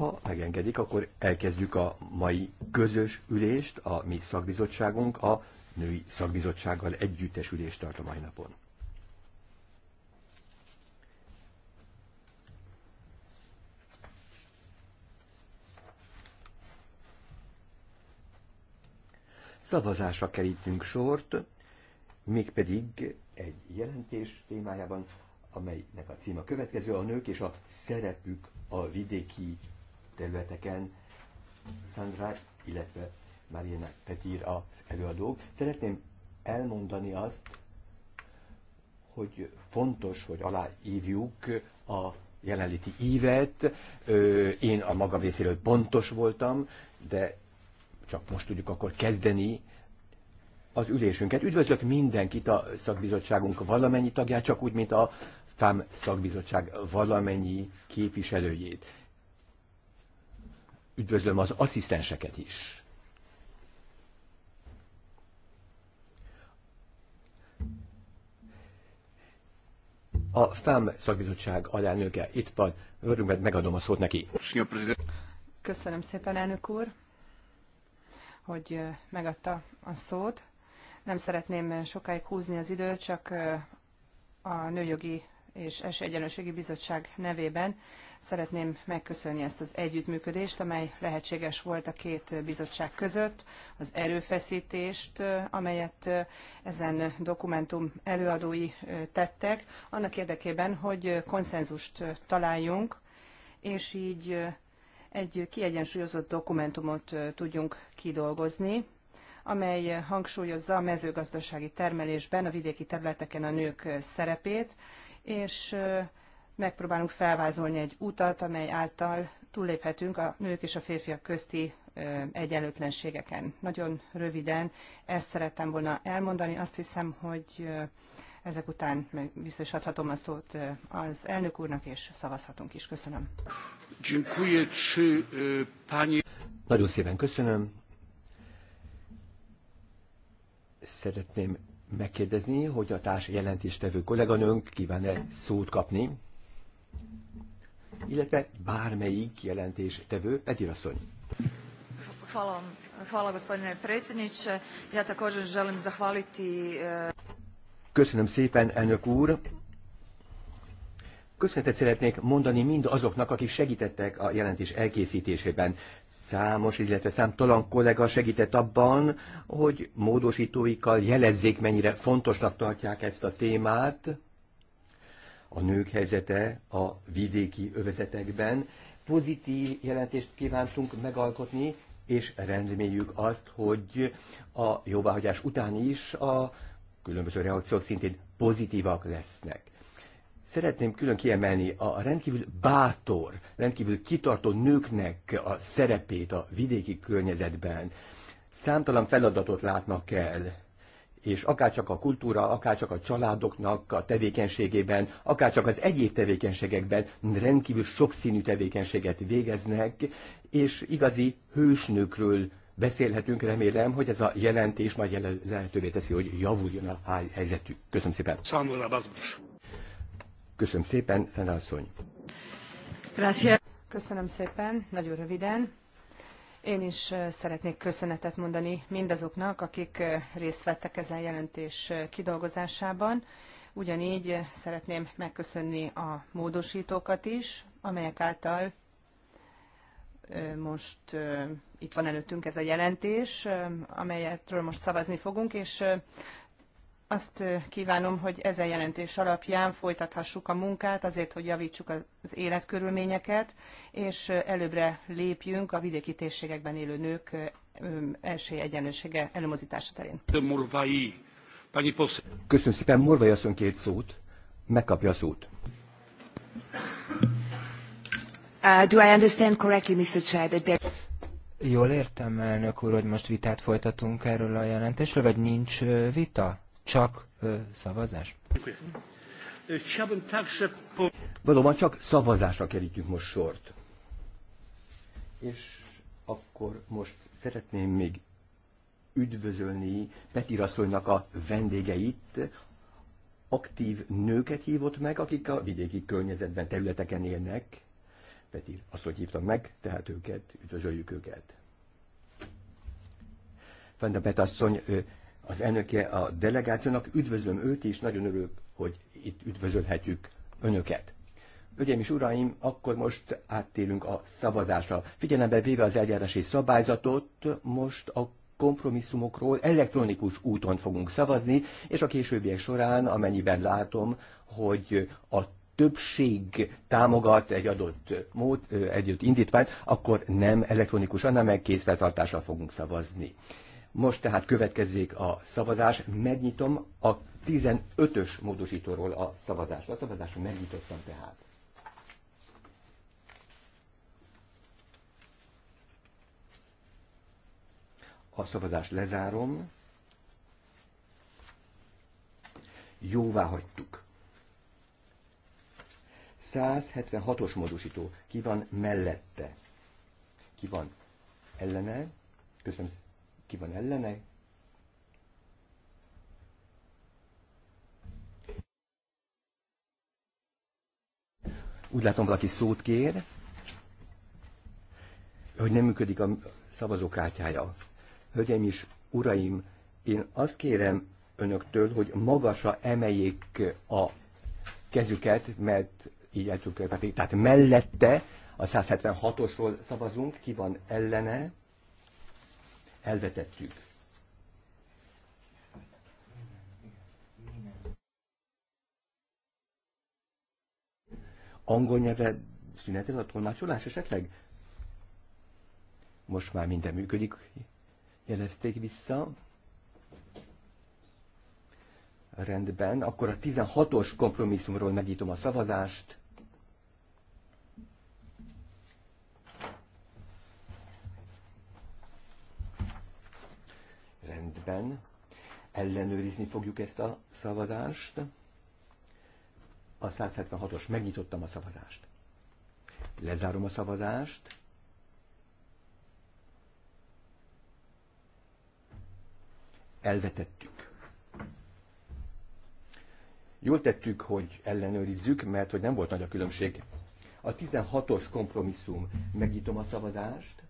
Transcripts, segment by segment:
Ha megengedik, akkor elkezdjük a mai közös ülést, a mi szakbizottságunk, a női szakbizottsággal együttes ülést tart a mai napon. Szavazásra kerítünk sort, mégpedig egy jelentés témájában, amelynek a címe következő, a nők és a szerepük a vidéki területeken. Sandra, illetve Mariana Petir az előadók. Szeretném elmondani azt, hogy fontos, hogy aláírjuk a jelenléti ívet. Én a magam részéről pontos voltam, de csak most tudjuk akkor kezdeni az ülésünket. Üdvözlök mindenkit a szakbizottságunk valamennyi tagját, csak úgy, mint a FAM szakbizottság valamennyi képviselőjét üdvözlöm az asszisztenseket is. A FAM szakbizottság alelnöke itt van, örömmel megadom a szót neki. Köszönöm szépen, elnök úr, hogy megadta a szót. Nem szeretném sokáig húzni az időt, csak a nőjogi és Esélyegyenlőségi Bizottság nevében szeretném megköszönni ezt az együttműködést, amely lehetséges volt a két bizottság között, az erőfeszítést, amelyet ezen dokumentum előadói tettek, annak érdekében, hogy konszenzust találjunk, és így egy kiegyensúlyozott dokumentumot tudjunk kidolgozni, amely hangsúlyozza a mezőgazdasági termelésben a vidéki területeken a nők szerepét, és megpróbálunk felvázolni egy utat, amely által túlléphetünk a nők és a férfiak közti egyenlőtlenségeken. Nagyon röviden ezt szerettem volna elmondani. Azt hiszem, hogy ezek után meg vissza is adhatom a szót az elnök úrnak, és szavazhatunk is. Köszönöm. Nagyon szépen köszönöm. Szeretném megkérdezni, hogy a társ jelentéstevő kolléganőnk kíván-e szót kapni, illetve bármelyik jelentéstevő, Petir asszony. Hvala, gospodine predsjedniče. Ja također želim zahvaliti... E, Köszönöm szépen, elnök úr. Köszönetet szeretnék mondani mind azoknak, akik segítettek a jelentés elkészítésében. Számos, illetve számtalan kollega segített abban, hogy módosítóikkal jelezzék, mennyire fontosnak tartják ezt a témát. A nők helyzete a vidéki övezetekben. Pozitív jelentést kívántunk megalkotni, és rendméljük azt, hogy a jóváhagyás után is a különböző reakciók szintén pozitívak lesznek. Szeretném külön kiemelni a rendkívül bátor, rendkívül kitartó nőknek a szerepét a vidéki környezetben. Számtalan feladatot látnak el, és akárcsak a kultúra, akárcsak a családoknak a tevékenységében, akárcsak az egyéb tevékenységekben rendkívül sokszínű tevékenységet végeznek, és igazi hősnőkről beszélhetünk, remélem, hogy ez a jelentés majd lehetővé teszi, hogy javuljon a helyzetük. Köszönöm szépen. Számolra Köszönöm szépen, Szena asszony. Köszönöm szépen, nagyon röviden. Én is szeretnék köszönetet mondani mindazoknak, akik részt vettek ezen jelentés kidolgozásában. Ugyanígy szeretném megköszönni a módosítókat is, amelyek által most itt van előttünk ez a jelentés, amelyetről most szavazni fogunk, és azt kívánom, hogy ezen jelentés alapján folytathassuk a munkát azért, hogy javítsuk az életkörülményeket, és előbbre lépjünk a vidéki térségekben élő nők első esélyegyenlősége előmozítása terén. Köszönöm szépen, Morvai asszony két szót, megkapja a szót. Uh, do I understand correctly, Mr. Chair, that there... Jól értem, elnök úr, hogy most vitát folytatunk erről a jelentésről, vagy nincs vita? Csak szavazás? Valóban csak szavazásra kerítjük most sort. És akkor most szeretném még üdvözölni Petirasszonynak a vendégeit, aktív nőket hívott meg, akik a vidéki környezetben, területeken élnek. Peti, Rasszony hívtam meg, tehát őket, üdvözöljük őket. Fenda Petasszony az önöke a delegációnak. Üdvözlöm őt is, nagyon örülök, hogy itt üdvözölhetjük önöket. Ögyeim és uraim, akkor most áttérünk a szavazásra. Figyelembe véve az eljárási szabályzatot, most a kompromisszumokról elektronikus úton fogunk szavazni, és a későbbiek során, amennyiben látom, hogy a többség támogat egy adott mód, egy adott indítványt, akkor nem elektronikusan, hanem egy készfeltartással fogunk szavazni. Most tehát következzék a szavazás. Megnyitom a 15-ös módosítóról a szavazást. A szavazást megnyitottam tehát. A szavazást lezárom. Jóvá hagytuk. 176-os módosító. Ki van mellette? Ki van ellene? Köszönöm ki van ellene? Úgy látom, valaki szót kér, hogy nem működik a szavazókártyája. Hölgyeim is, uraim, én azt kérem önöktől, hogy magasra emeljék a kezüket, mert így el tudjuk Tehát mellette a 176-osról szavazunk, ki van ellene, elvetettük. Angol nyelvre szünetel a tolmácsolás esetleg? Most már minden működik, jelezték vissza. Rendben, akkor a 16-os kompromisszumról megítom a szavazást. esetben ellenőrizni fogjuk ezt a szavazást. A 176-os, megnyitottam a szavazást. Lezárom a szavazást. Elvetettük. Jól tettük, hogy ellenőrizzük, mert hogy nem volt nagy a különbség. A 16-os kompromisszum. Megnyitom a szavazást.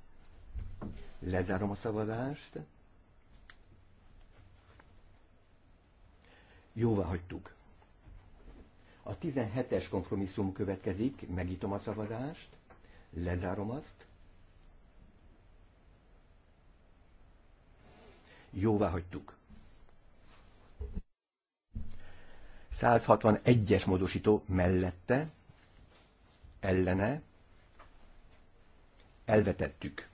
Lezárom a szavazást. Jóvá hagytuk. A 17-es kompromisszum következik, megítom a szavazást, lezárom azt. Jóvá hagytuk. 161-es módosító mellette, ellene, elvetettük.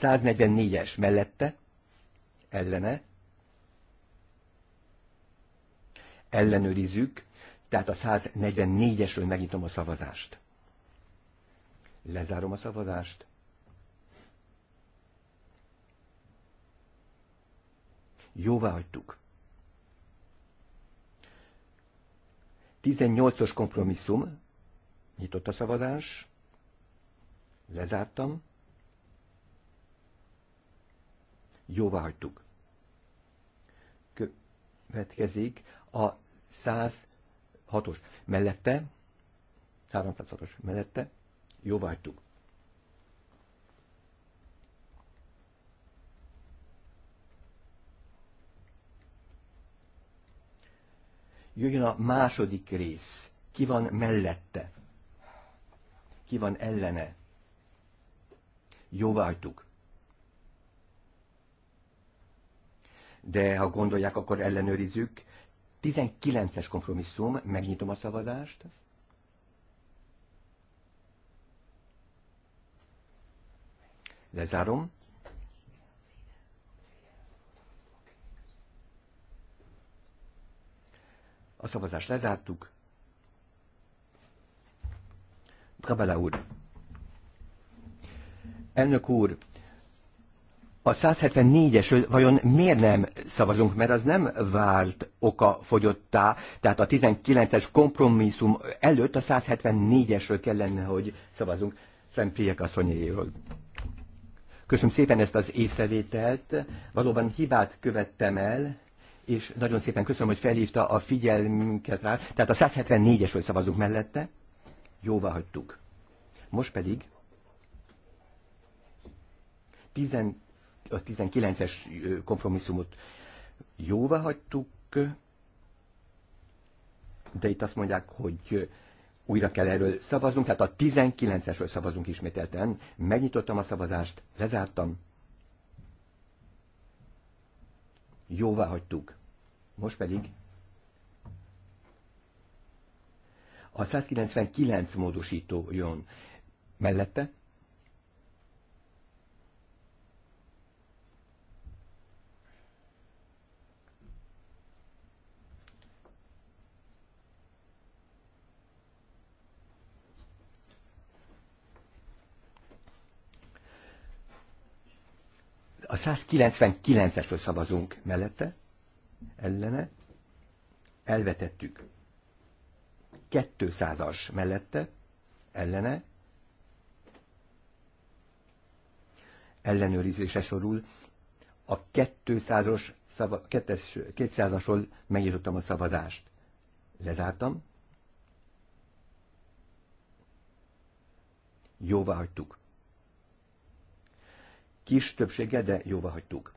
144-es mellette, ellene, ellenőrizzük, tehát a 144-esről megnyitom a szavazást. Lezárom a szavazást. Jóvá hagytuk. 18-os kompromisszum, nyitott a szavazás, lezártam, jóvá hagytuk. Következik a 106-os mellette, 306-os mellette, jóvágytuk. Jöjjön a második rész. Ki van mellette? Ki van ellene? Jóvágytuk. de ha gondolják, akkor ellenőrizzük. 19-es kompromisszum, megnyitom a szavazást. Lezárom. A szavazást lezártuk. Trabala úr. Elnök úr, a 174 es vajon miért nem szavazunk, mert az nem vált oka fogyottá, tehát a 19-es kompromisszum előtt a 174-esről kellene, hogy szavazunk. a asszonyéről. Köszönöm szépen ezt az észrevételt. Valóban hibát követtem el, és nagyon szépen köszönöm, hogy felhívta a figyelmünket rá. Tehát a 174-esről szavazunk mellette. Jóvá hagytuk. Most pedig 10 a 19-es kompromisszumot jóvá hagytuk, de itt azt mondják, hogy újra kell erről szavaznunk, tehát a 19-esről szavazunk ismételten. Megnyitottam a szavazást, lezártam, jóvá hagytuk. Most pedig a 199 módosító jön mellette, 199-esről szavazunk mellette, ellene, elvetettük. 200-as mellette, ellene, ellenőrizésre szorul. A 200-os szava, 200-asról megnyitottam a szavazást. Lezártam. Jóvá hagytuk kis többsége, de jóvá hagytuk.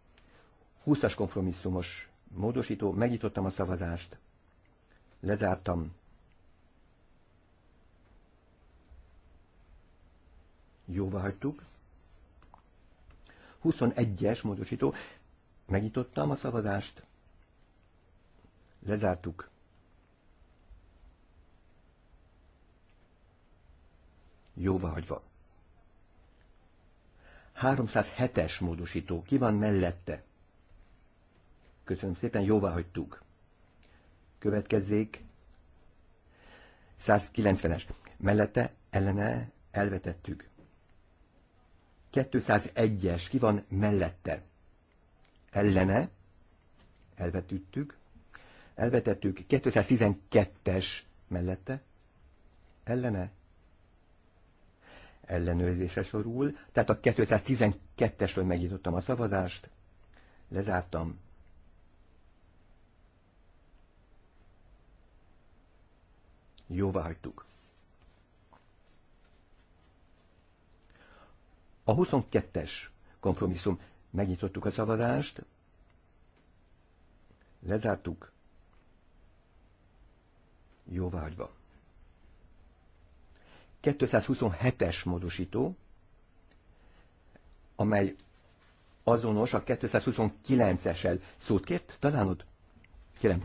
20-as kompromisszumos módosító, megnyitottam a szavazást, lezártam. Jóvá hagytuk. 21-es módosító, megnyitottam a szavazást, lezártuk. Jóva hagyva. 307-es módosító. Ki van mellette? Köszönöm szépen, jóvá hagytuk. Következzék. 190-es. Mellette ellene elvetettük. 201-es. Ki van mellette? Ellene. Elvetettük. Elvetettük. 212-es mellette. Ellene ellenőrzése sorul. Tehát a 212-esről megnyitottam a szavazást, lezártam. Jóvá hagytuk. A 22-es kompromisszum megnyitottuk a szavazást, lezártuk, jóváhagyva. 227-es módosító, amely azonos a 229-essel. Szót kért? Talán ott? Kérem.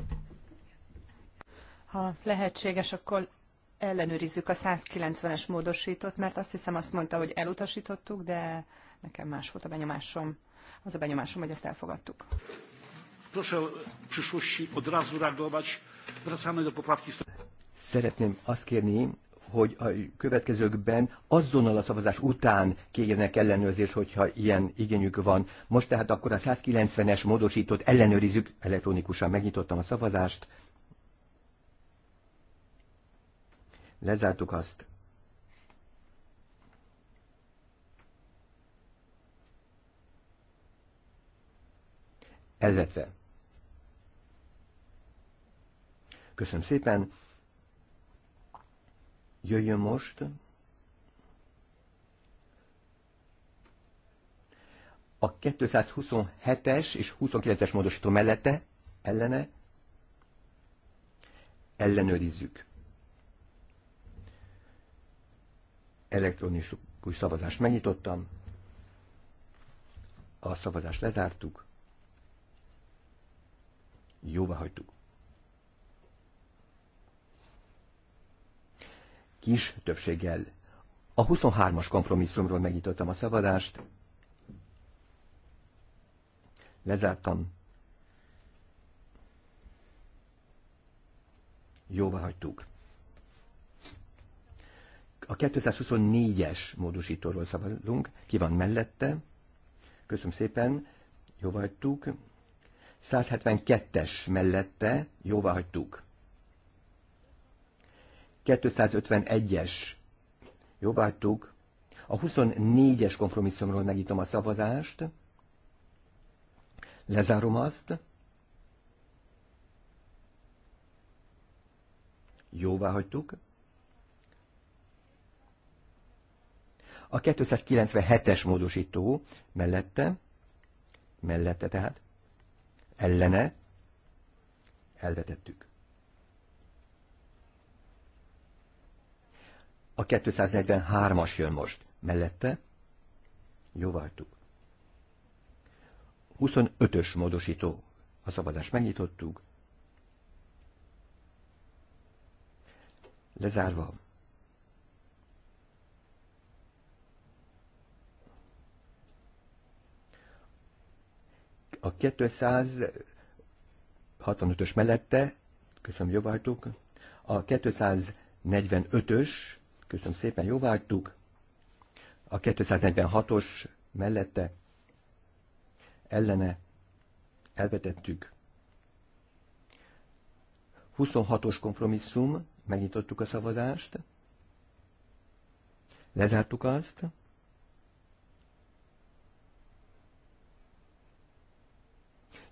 Ha lehetséges, akkor ellenőrizzük a 190-es módosítót, mert azt hiszem azt mondta, hogy elutasítottuk, de nekem más volt a benyomásom. Az a benyomásom, hogy ezt elfogadtuk. Proszę w przyszłości od razu reagować. Wracamy do poprawki. Szeretném azt kérni hogy a következőkben azonnal a szavazás után kérjenek ellenőrzést, hogyha ilyen igényük van. Most tehát akkor a 190-es módosított ellenőrizzük elektronikusan. Megnyitottam a szavazást. Lezártuk azt. Elvetve. Köszönöm szépen jöjjön most. A 227-es és 29-es módosító mellette ellene ellenőrizzük. Elektronikus szavazást megnyitottam, a szavazást lezártuk, jóvá hagytuk. kis többséggel. A 23-as kompromisszumról megnyitottam a szavazást. Lezártam. Jóvá hagytuk. A 224-es módosítóról szavazunk. Ki van mellette? Köszönöm szépen. Jóvá hagytuk. 172-es mellette jóvá hagytuk. 251-es. Jóvá A 24-es kompromisszumról megítom a szavazást. Lezárom azt. Jóvá hagytuk. A 297-es módosító mellette, mellette tehát, ellene elvetettük. A 243-as jön most. Mellette? Jó vártuk. 25-ös módosító. A szavazást megnyitottuk. Lezárva. A 265-ös mellette, köszönöm jobb a 245-ös Köszönöm szépen, jóvágytuk. A 246-os mellette ellene elvetettük. 26-os kompromisszum, megnyitottuk a szavazást, lezártuk azt,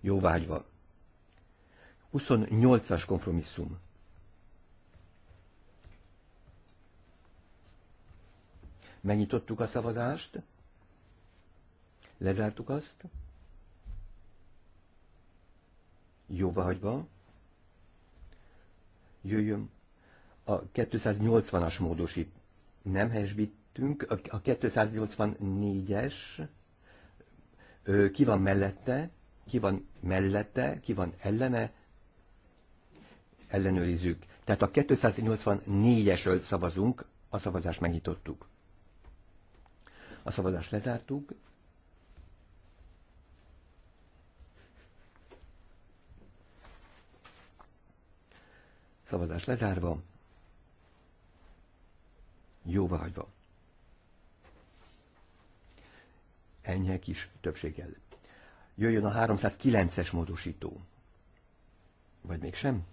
jóvágyva. 28-as kompromisszum. Megnyitottuk a szavazást, lezártuk azt, jóva hagyva, jöjjön a 280-as módosít. Nem helyesbítünk, a 284-es ki van mellette, ki van mellette, ki van ellene, ellenőrizzük. Tehát a 284-esről szavazunk, a szavazást megnyitottuk. A szavazást lezártuk. Szavazás lezárva. hagyva. Ennyi kis többséggel. Jöjjön a 309-es módosító. Vagy mégsem?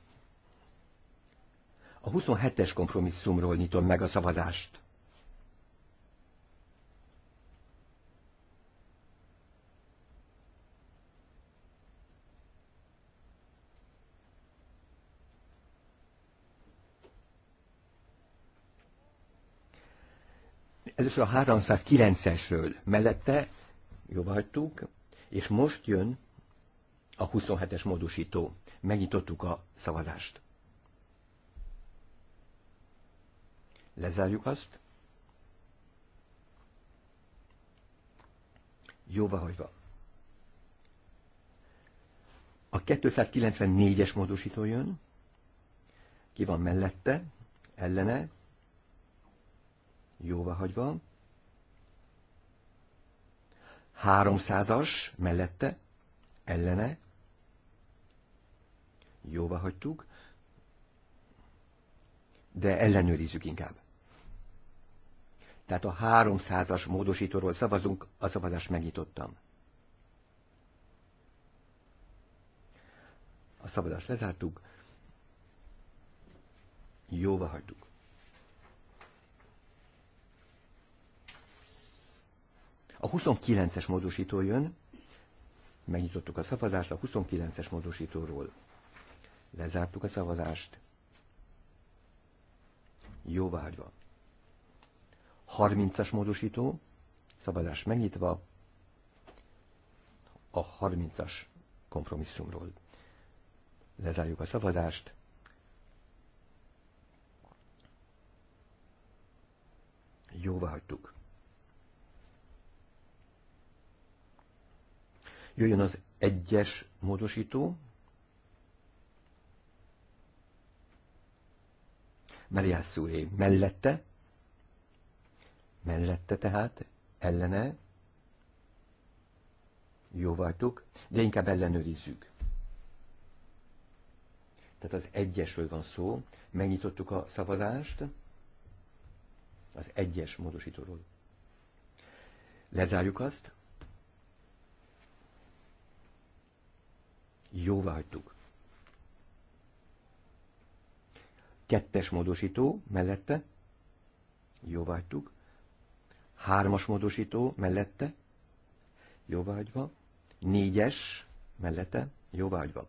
A 27-es kompromisszumról nyitom meg a szavazást. Először a 309-esről mellette jóvá hagytuk, és most jön a 27-es módosító. Megnyitottuk a szavazást. Lezárjuk azt. Jóva hagyva. A 294-es módosító jön. Ki van mellette? Ellene? Jóva hagyva, háromszázas mellette, ellene, jóvá hagytuk, de ellenőrizzük inkább. Tehát a háromszázas módosítóról szavazunk, a szavazást megnyitottam. A szavazást lezártuk, jóvá hagytuk. A 29-es módosító jön, megnyitottuk a szavazást a 29-es módosítóról. Lezártuk a szavazást. Jó Jóvágyva. 30-as módosító, szavazás megnyitva a 30-as kompromisszumról. Lezárjuk a szavazást. Jó vágytuk. Jöjjön az egyes módosító. Meliász úré mellette, mellette tehát, ellene, jó vagytok, de inkább ellenőrizzük. Tehát az egyesről van szó, megnyitottuk a szavazást, az egyes módosítóról. Lezárjuk azt, Jóvá hagytuk. Kettes módosító mellette. Jóvá hagytuk. Hármas módosító mellette. Jóvá hagyva. Négyes mellette. Jóvá hagyva.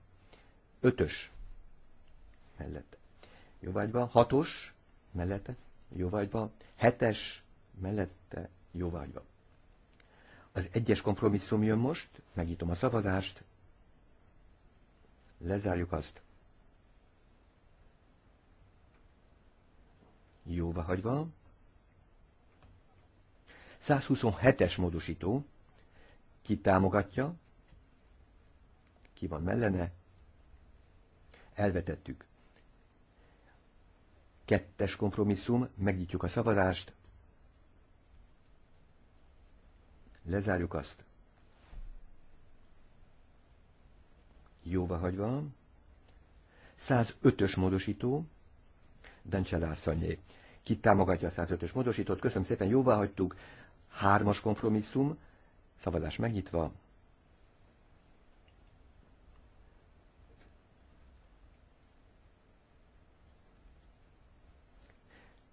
Ötös mellette. Jóvá hagyva. Hatos mellette. Jóvá hagyva. Hetes mellette. Jóvá hagyva. Az egyes kompromisszum jön most, megítom a szavazást, Lezárjuk azt. Jóva hagyva. 127-es módosító. Ki támogatja? Ki van mellene? Elvetettük. Kettes kompromisszum, megnyitjuk a szavazást. Lezárjuk azt. jóvá hagyva. 105-ös módosító, Dancsela Lászanyé, Ki támogatja a 105-ös módosítót? Köszönöm szépen, jóvá hagytuk. Hármas kompromisszum, szavazás megnyitva.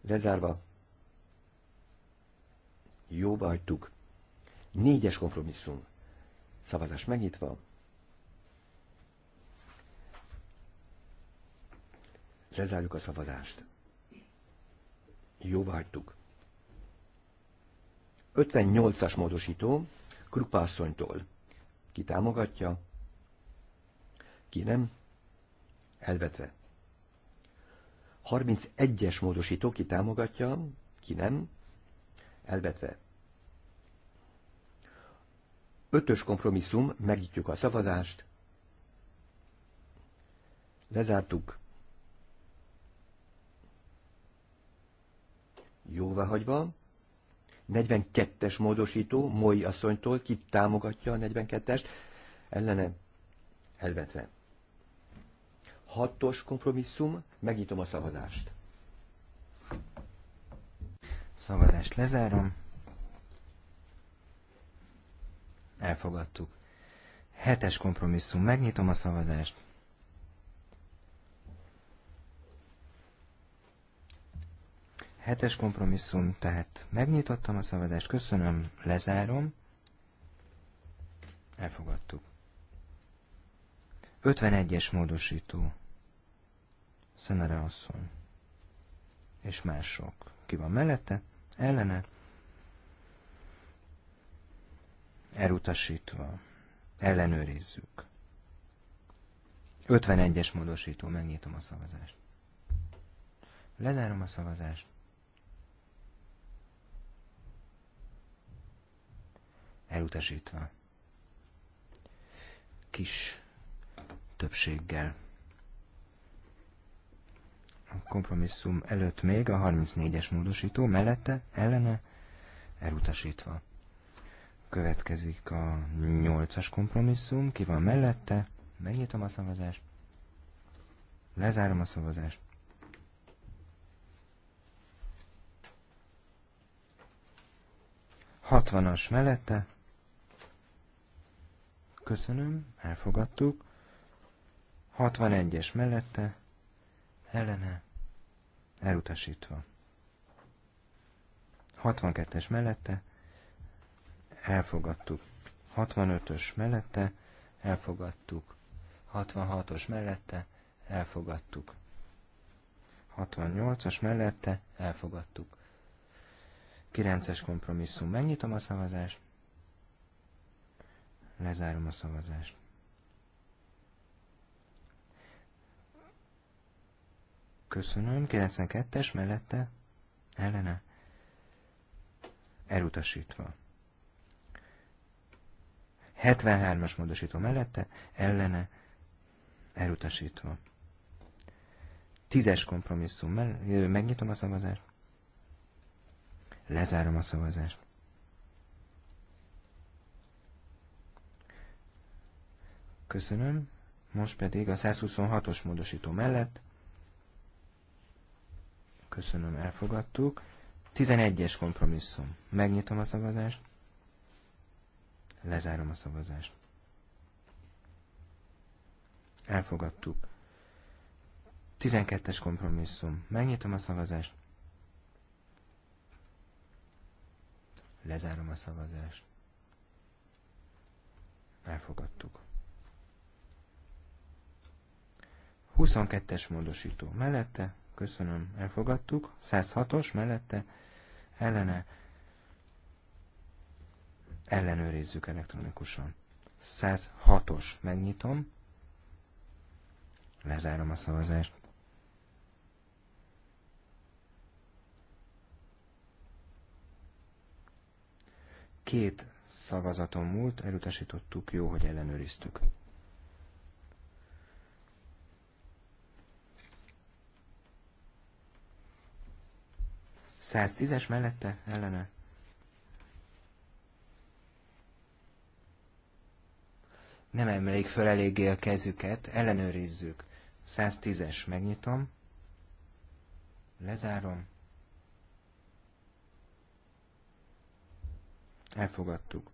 Lezárva. Jóvá hagytuk. Négyes kompromisszum. Szavazás megnyitva. Lezárjuk a szavazást. Jóvá hagytuk. 58-as módosító Krupászonytól. Ki támogatja, ki nem, elvetve. 31-es módosító ki támogatja, ki nem, elvetve. Ötös kompromisszum, megítjük a szavazást. Lezártuk. jóváhagyva. 42-es módosító, Moi asszonytól, ki támogatja a 42-est, ellene elvetve. 6-os kompromisszum, megnyitom a szavazást. Szavazást lezárom. Elfogadtuk. Hetes kompromisszum, megnyitom a szavazást. Hetes kompromisszum, tehát megnyitottam a szavazást, köszönöm, lezárom. Elfogadtuk. 51-es módosító. Szenere asszony. És mások. Ki van mellette? Ellene? Elutasítva. Ellenőrizzük. 51-es módosító. Megnyitom a szavazást. Lezárom a szavazást. elutasítva. Kis többséggel. A kompromisszum előtt még a 34-es módosító mellette, ellene elutasítva. Következik a 8-as kompromisszum, ki van mellette, megnyitom a szavazást, lezárom a szavazást, hatvanas mellette, Köszönöm, elfogadtuk. 61-es mellette, ellene, elutasítva. 62-es mellette, elfogadtuk. 65-ös mellette, elfogadtuk. 66-os mellette, elfogadtuk. 68-as mellette, elfogadtuk. 9-es kompromisszum, megnyitom a szavazást. Lezárom a szavazást. Köszönöm. 92-es mellette ellene elutasítva. 73-as módosító mellette ellene elutasítva. 10-es kompromisszum mellett megnyitom a szavazást. Lezárom a szavazást. Köszönöm. Most pedig a 126-os módosító mellett. Köszönöm, elfogadtuk. 11-es kompromisszum. Megnyitom a szavazást. Lezárom a szavazást. Elfogadtuk. 12-es kompromisszum. Megnyitom a szavazást. Lezárom a szavazást. Elfogadtuk. 22-es módosító mellette, köszönöm, elfogadtuk. 106-os mellette, ellene, ellenőrizzük elektronikusan. 106-os, megnyitom, lezárom a szavazást. Két szavazaton múlt, elutasítottuk, jó, hogy ellenőriztük. 110-es mellette ellene. Nem emlék föl eléggé a kezüket, ellenőrizzük. 110-es, megnyitom. Lezárom. Elfogadtuk.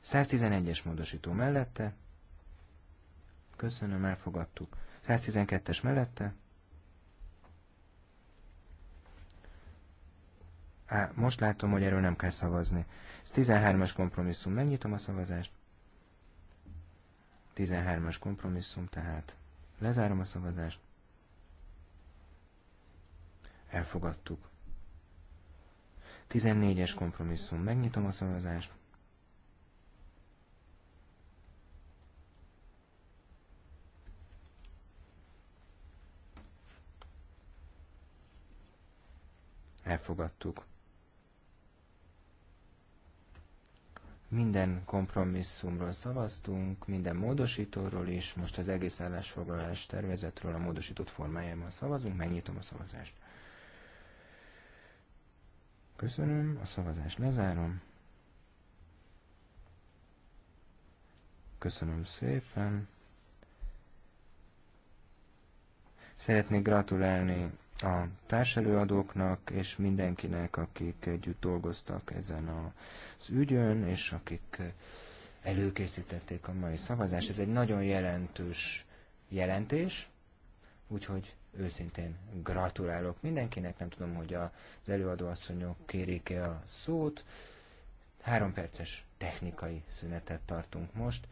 Száztizenegyes módosító mellette. Köszönöm, elfogadtuk. 112-es mellette. Á, most látom, hogy erről nem kell szavazni. Ez 13-as kompromisszum. Megnyitom a szavazást. 13-as kompromisszum, tehát lezárom a szavazást. Elfogadtuk. 14-es kompromisszum. Megnyitom a szavazást. elfogadtuk. Minden kompromisszumról szavaztunk, minden módosítóról is, most az egész állásfoglalás tervezetről a módosított formájában szavazunk, megnyitom a szavazást. Köszönöm, a szavazást lezárom. Köszönöm szépen. Szeretnék gratulálni a társelőadóknak és mindenkinek, akik együtt dolgoztak ezen az ügyön, és akik előkészítették a mai szavazást. Ez egy nagyon jelentős jelentés, úgyhogy őszintén gratulálok mindenkinek. Nem tudom, hogy az előadóasszonyok kérik-e a szót. Három perces technikai szünetet tartunk most.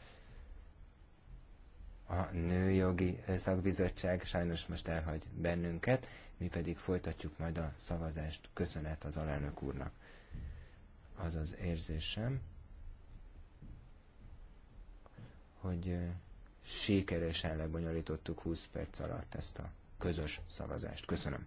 A Nőjogi Szakbizottság sajnos most elhagy bennünket, mi pedig folytatjuk majd a szavazást. Köszönet az alelnök úrnak. Az az érzésem, hogy sikeresen lebonyolítottuk 20 perc alatt ezt a közös szavazást. Köszönöm.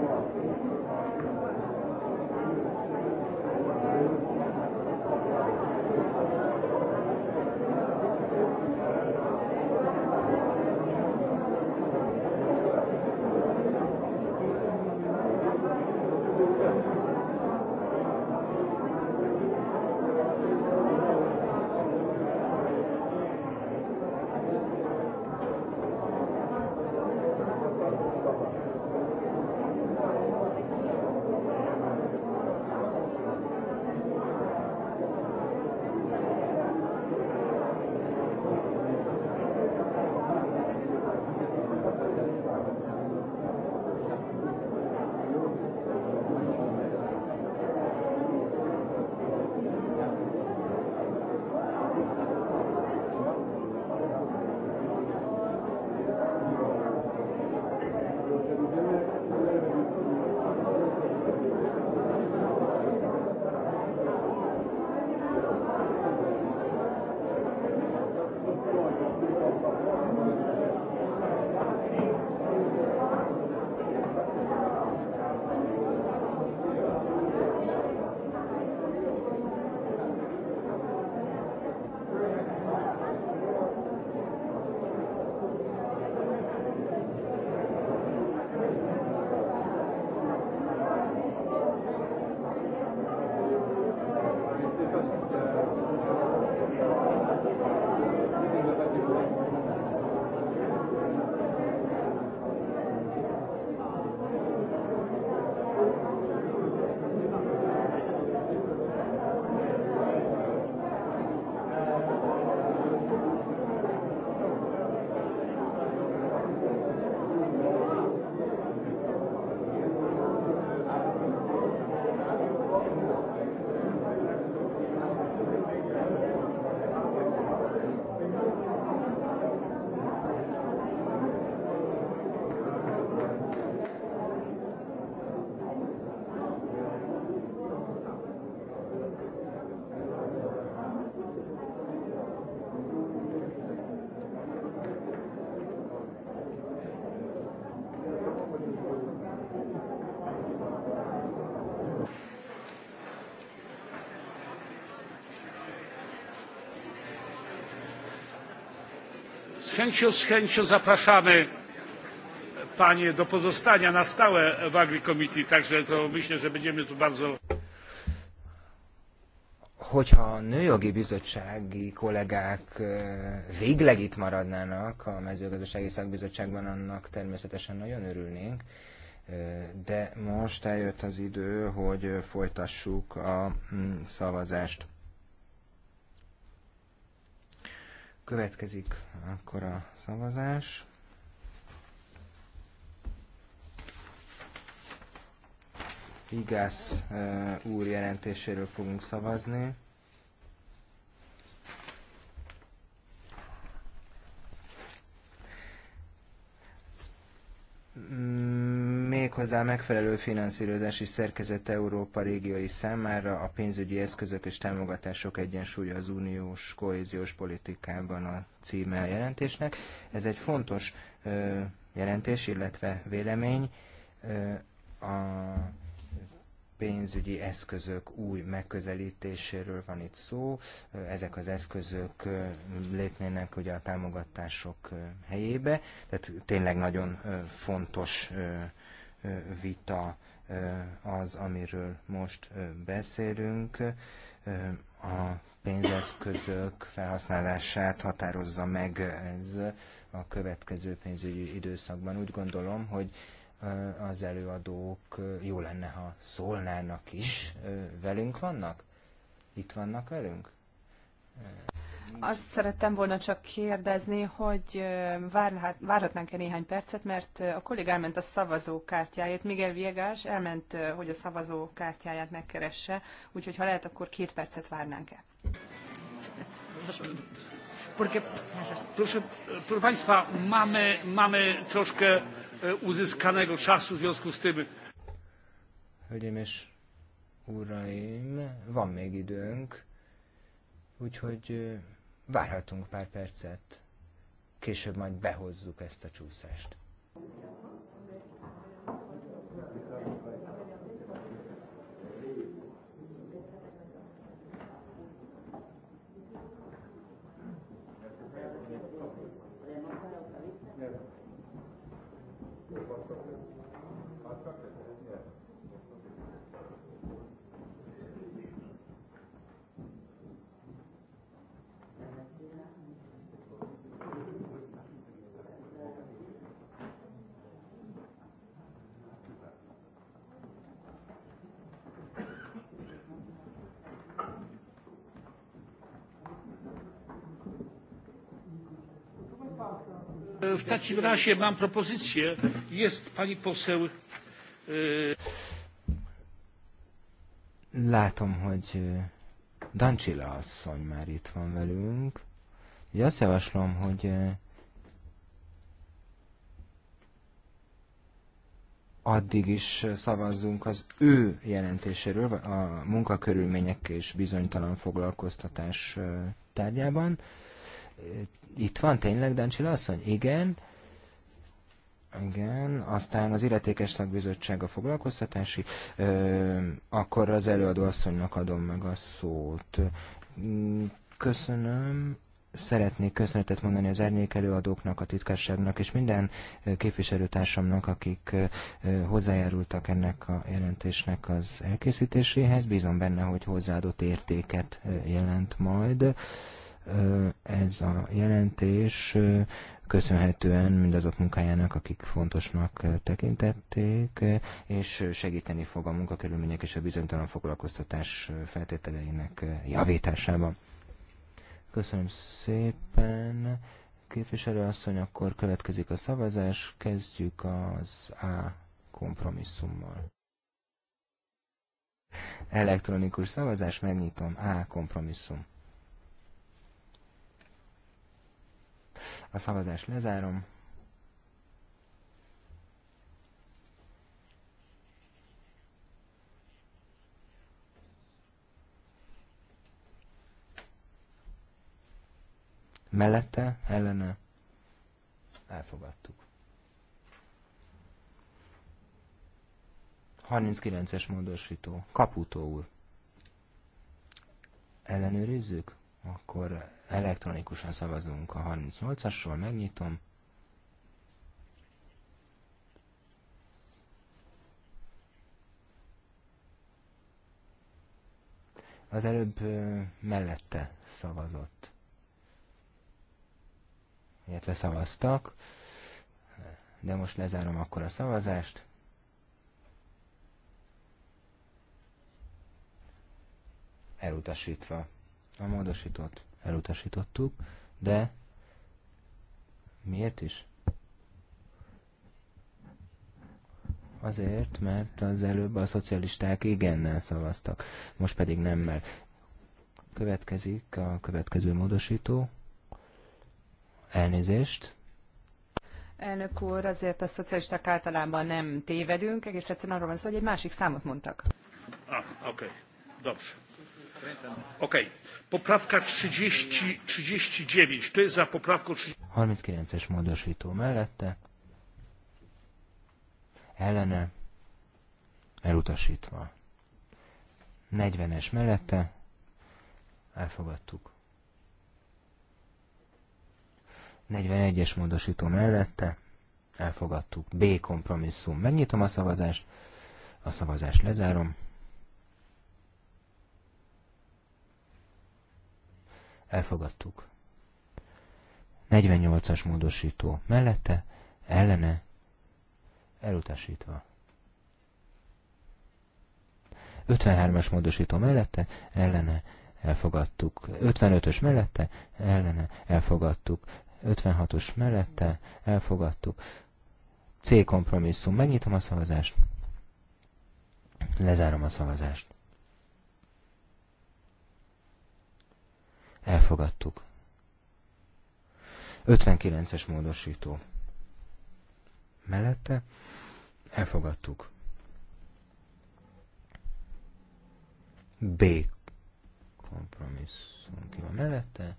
chęcią, z chęcią zapraszamy e, panie do pozostania na stałe w Agri Committee, także to myślę, że będziemy tu bardzo... Hogyha a nőjogi bizottsági kollégák e, végleg itt maradnának a mezőgazdasági szakbizottságban, annak természetesen nagyon örülnénk, e, de most eljött az idő, hogy folytassuk a mm, szavazást. Következik akkor a szavazás. uh, úr jelentéséről fogunk szavazni. Mm méghozzá megfelelő finanszírozási szerkezet Európa régiói számára a pénzügyi eszközök és támogatások egyensúlya az uniós kohéziós politikában a címe a jelentésnek. Ez egy fontos ö, jelentés, illetve vélemény ö, a pénzügyi eszközök új megközelítéséről van itt szó. Ezek az eszközök lépnének ugye a támogatások helyébe, tehát tényleg nagyon fontos vita az, amiről most beszélünk. A pénzeszközök felhasználását határozza meg ez a következő pénzügyi időszakban. Úgy gondolom, hogy az előadók jó lenne, ha szólnának is. Velünk vannak? Itt vannak velünk? Azt szerettem volna csak kérdezni, hogy várhatnánk-e néhány percet, mert a kollég elment a szavazókártyáját, Miguel Viegas elment, hogy a szavazókártyáját megkeresse, úgyhogy ha lehet, akkor két percet várnánk-e. Porque, proszę, proszę Państwa, mamy, mamy troszkę e, uzyskanego czasu w związku z tym. Hölgyeim és uraim, van még időnk úgyhogy várhatunk pár percet, később majd behozzuk ezt a csúszást. w takim razie mam propozycję. Jest pani poseł... E, Látom, hogy e, Dancsila asszony már itt van velünk. Ugye azt javaslom, hogy e, addig is szavazzunk az ő jelentéséről, a munkakörülmények és bizonytalan foglalkoztatás tárgyában. Itt van tényleg, Dancsila asszony? Igen. Igen, aztán az illetékes szakbizottság a foglalkoztatási, ö, akkor az előadó asszonynak adom meg a szót. Köszönöm. Szeretnék köszönetet mondani az ernyék előadóknak, a titkárságnak és minden képviselőtársamnak, akik hozzájárultak ennek a jelentésnek az elkészítéséhez. Bízom benne, hogy hozzáadott értéket jelent majd ez a jelentés köszönhetően mindazok munkájának, akik fontosnak tekintették, és segíteni fog a munkakörülmények és a bizonytalan foglalkoztatás feltételeinek javításában. Köszönöm szépen. Képviselőasszony, akkor következik a szavazás. Kezdjük az A kompromisszummal. Elektronikus szavazás, megnyitom A kompromisszum. A szavazást lezárom. Mellette, ellene, elfogadtuk. 39-es módosító, Kaputó úr. Ellenőrizzük? Akkor elektronikusan szavazunk a 38-asról, megnyitom. Az előbb mellette szavazott. Illetve szavaztak, de most lezárom akkor a szavazást. elutasítva. A módosított, elutasítottuk, de miért is? Azért, mert az előbb a szocialisták igennel szavaztak, most pedig nemmel. Következik a következő módosító. Elnézést. Elnök úr, azért a szocialisták általában nem tévedünk, egész egyszerűen arról van szó, hogy egy másik számot mondtak. Ah, oké. Okay. Dobsz. Poprawka 30, 39. To jest za poprawką 39-es módosító mellette. Ellene. Elutasítva. 40-es mellette. Elfogadtuk. 41-es módosító mellette. Elfogadtuk. B kompromisszum. Megnyitom a szavazást. A szavazást lezárom. elfogadtuk. 48-as módosító mellette, ellene, elutasítva. 53-as módosító mellette, ellene, elfogadtuk. 55-ös mellette, ellene, elfogadtuk. 56-os mellette, elfogadtuk. C kompromisszum, megnyitom a szavazást, lezárom a szavazást. Elfogadtuk. 59-es módosító. Mellette elfogadtuk. B kompromisszum ki van mellette.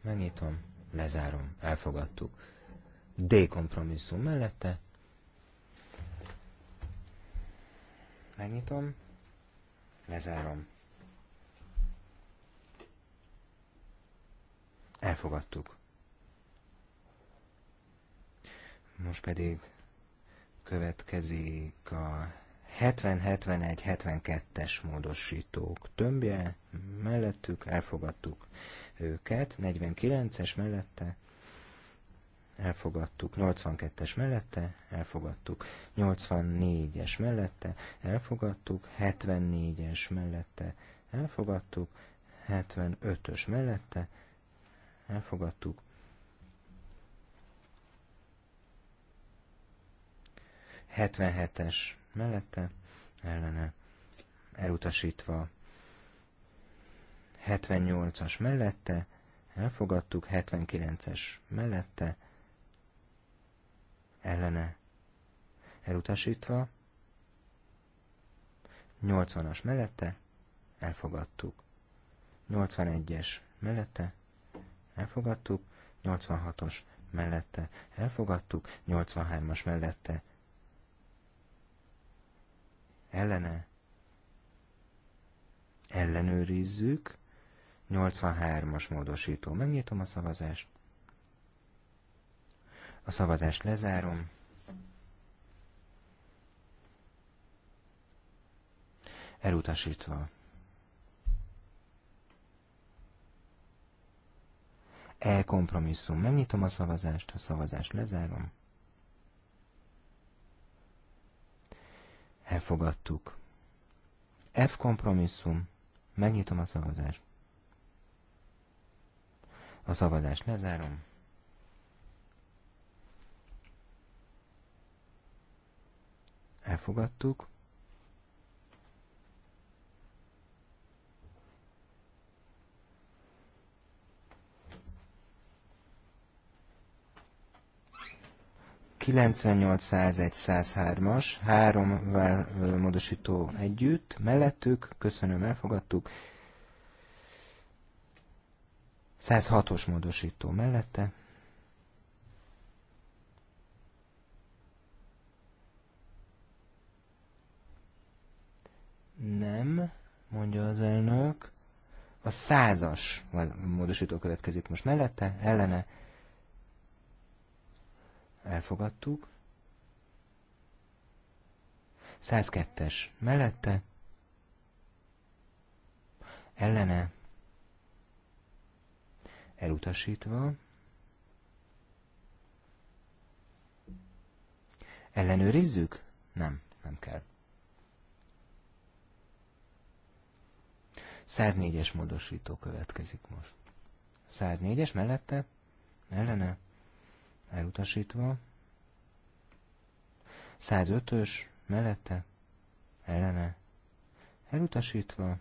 Megnyitom, lezárom, elfogadtuk. D kompromisszum mellette. Megnyitom, Lezárom. Elfogadtuk. Most pedig következik a 70-71-72-es módosítók tömbje, mellettük elfogadtuk őket, 49-es mellette elfogadtuk, 82-es mellette, elfogadtuk, 84-es mellette, elfogadtuk, 74-es mellette, elfogadtuk, 75-ös mellette, elfogadtuk, es mellette, ellene elutasítva, 78-as mellette, elfogadtuk, 79-es mellette, ellene elutasítva, 80-as mellette elfogadtuk, 81-es mellette elfogadtuk, 86-os mellette elfogadtuk, 83-as mellette ellene ellenőrizzük, 83-as módosító. Megnyitom a szavazást. A szavazást lezárom. Elutasítva. E kompromisszum. Megnyitom a szavazást, a szavazást lezárom. Elfogadtuk. F kompromisszum. Megnyitom a szavazást. A szavazást lezárom. elfogadtuk. as három módosító együtt, mellettük, köszönöm, elfogadtuk. 106-os módosító mellette, Nem, mondja az elnök. A százas vagy módosító következik most mellette, ellene. Elfogadtuk. 102-es mellette. Ellene. Elutasítva. Ellenőrizzük? Nem, nem kell. 104-es módosító következik most. 104-es mellette, ellene, elutasítva. 105-ös mellette, ellene, elutasítva.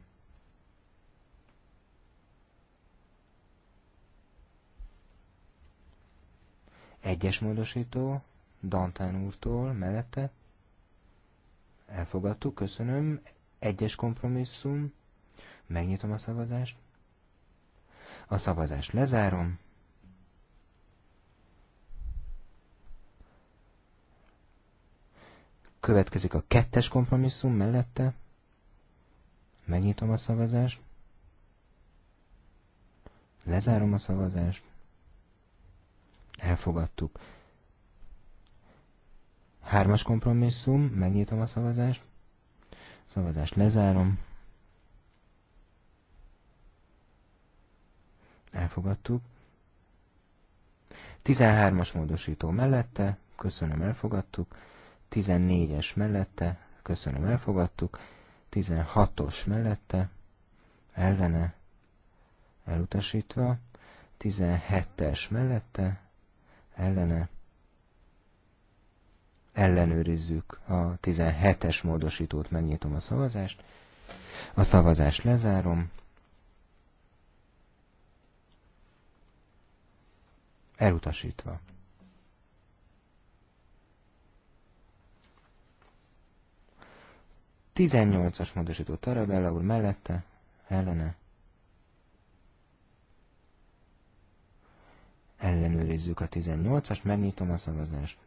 Egyes módosító, Dantán úrtól, mellette. Elfogadtuk, köszönöm. Egyes kompromisszum, Megnyitom a szavazást. A szavazást lezárom. Következik a kettes kompromisszum mellette. Megnyitom a szavazást. Lezárom a szavazást. Elfogadtuk. Hármas kompromisszum, megnyitom a szavazást. Szavazást lezárom. elfogadtuk. 13-as módosító mellette, köszönöm, elfogadtuk. 14-es mellette, köszönöm, elfogadtuk. 16-os mellette, ellene, elutasítva. 17-es mellette, ellene, ellenőrizzük a 17-es módosítót, megnyitom a szavazást. A szavazást lezárom. elutasítva. Tizennyolcas módosító Tarabella úr mellette, ellene. Ellenőrizzük a 18-as, megnyitom a szavazást.